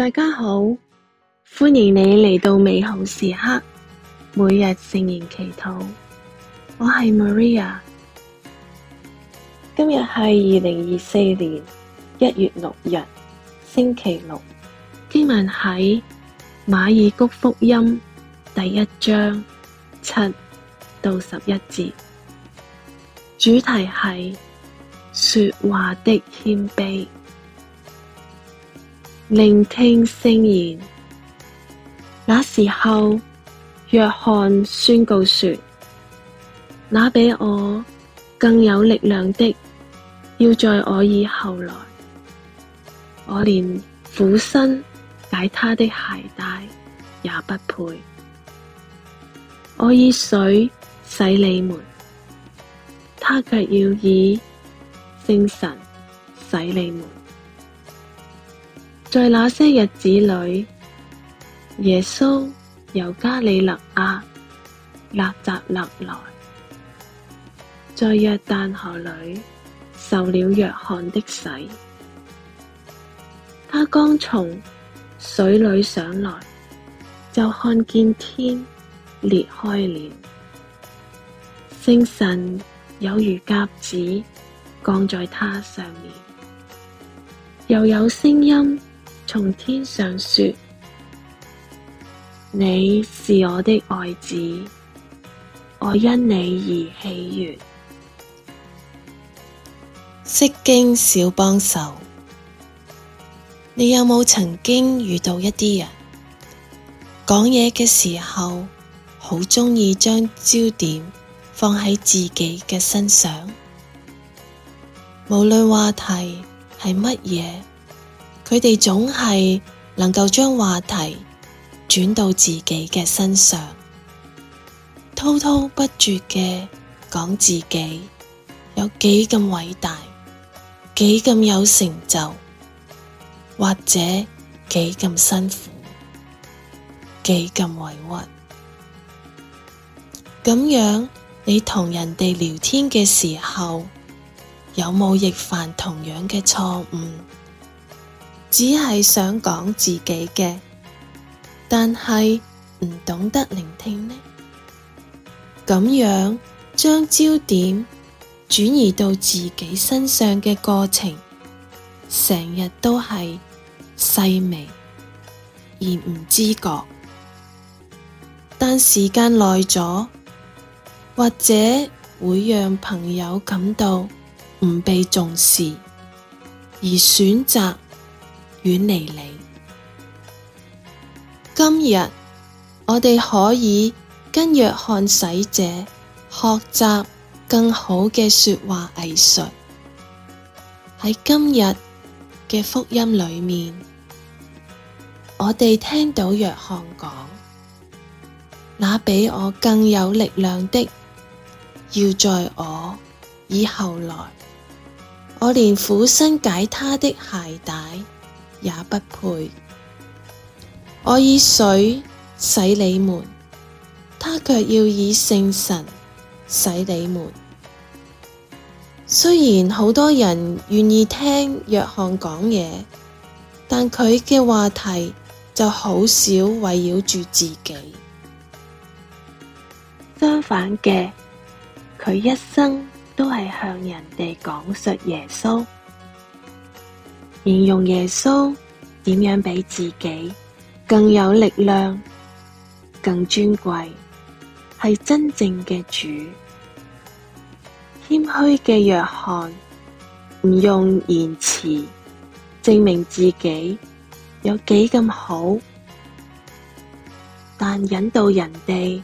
大家好，歡迎你嚟到美好時刻，每日聖言祈禱。我係 Maria，今日係二零二四年一月六日星期六。今晚喺馬爾谷福音第一章七到十一節，主題係說話的謙卑。聆聽聖言，那時候若翰宣告說：那比我更有力量的，要在我以後來。我連俯身解他的鞋帶也不配，我以水洗你們，他却要以聖神洗你們。在那些日子裏，耶穌由加里肋亞納匝肋來，在約但河裏受了若翰的洗。他剛從水裏上來，就看見天裂開了，聖神有如鴿子降在他上面，又有聲音。從天上說，你是我的愛子，我因你而喜悅。釋經小幫手，你有冇曾經遇到一啲人，講嘢嘅時候好鍾意將焦點放喺自己嘅身上，無論話題係乜嘢？佢哋總係能夠將話題轉到自己嘅身上，滔滔不絕嘅講自己有幾咁偉大，幾咁有成就，或者幾咁辛苦，幾咁委屈。咁樣，你同人哋聊天嘅時候，有冇亦犯同樣嘅錯誤？只係想講自己嘅，但係唔懂得聆聽呢？咁樣將焦點轉移到自己身上嘅過程，成日都係細微而唔知覺，但時間耐咗，或者會讓朋友感到唔被重視，而選擇。遠離你。今日我哋可以跟若翰洗者學習更好嘅說話藝術。喺今日嘅福音裏面，我哋聽到若翰講：「那比我更有力量的，要在我以後來。我連俯身解他的鞋帶。也不配。我以水洗你們，他卻要以聖神洗你們。雖然好多人願意聽若翰講嘢，但佢嘅話題就好少圍繞住自己。相反嘅，佢一生都係向人哋講述耶穌。形容耶穌點樣比自己更有力量、更尊貴，係真正嘅主。謙虛嘅若翰唔用言辭證明自己有幾咁好，但引導人哋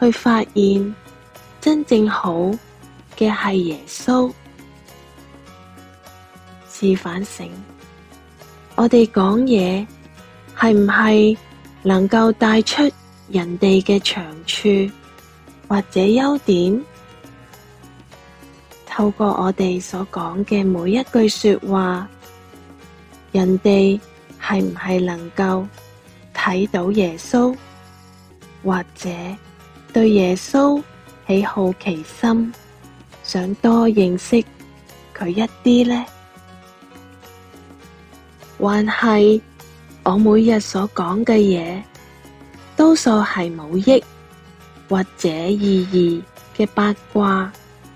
去發現真正好嘅係耶穌。試反省。我哋講嘢係唔係能夠帶出人哋嘅長處或者優點？透過我哋所講嘅每一句說話，人哋係唔係能夠睇到耶穌，或者對耶穌起好奇心，想多認識佢一啲呢？還係我每日所講嘅嘢，多數係冇益或者意義嘅八卦，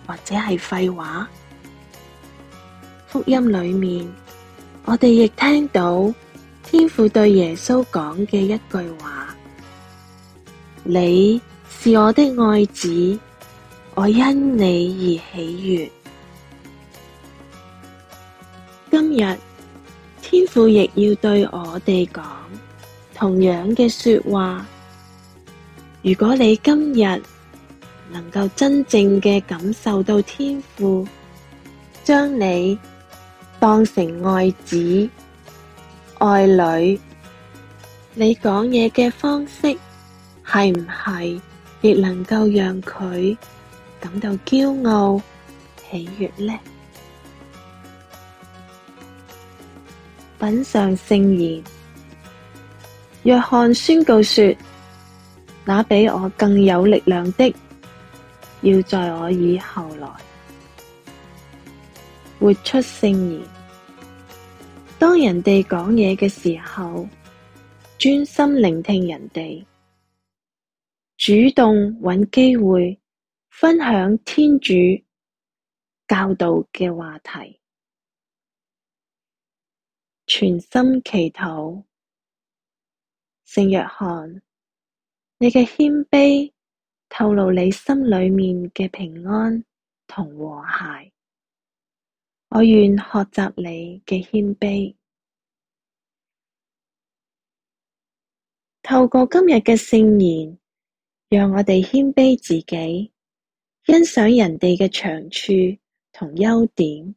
或者係廢話。福音裏面，我哋亦聽到天父對耶穌講嘅一句話，你是我的愛子，我因你而喜悅。今日，天父亦要對我哋講同樣嘅說話。如果你今日能夠真正嘅感受到天父，將你當成愛子愛女，你講嘢嘅方式係唔係亦能夠讓佢感到驕傲、喜悅呢？品嚐聖言。若翰宣告說：那比我更有力量的，要在我以後來。活出聖言。當人哋講嘢嘅時候，專心聆聽人哋，主動揾機會分享天主教導嘅話題。全心祈禱，聖若翰，你嘅謙卑透露你心裏面嘅平安同和諧。我願學習你嘅謙卑。透過今日嘅聖言，讓我哋謙卑自己，欣賞人哋嘅長處同優點。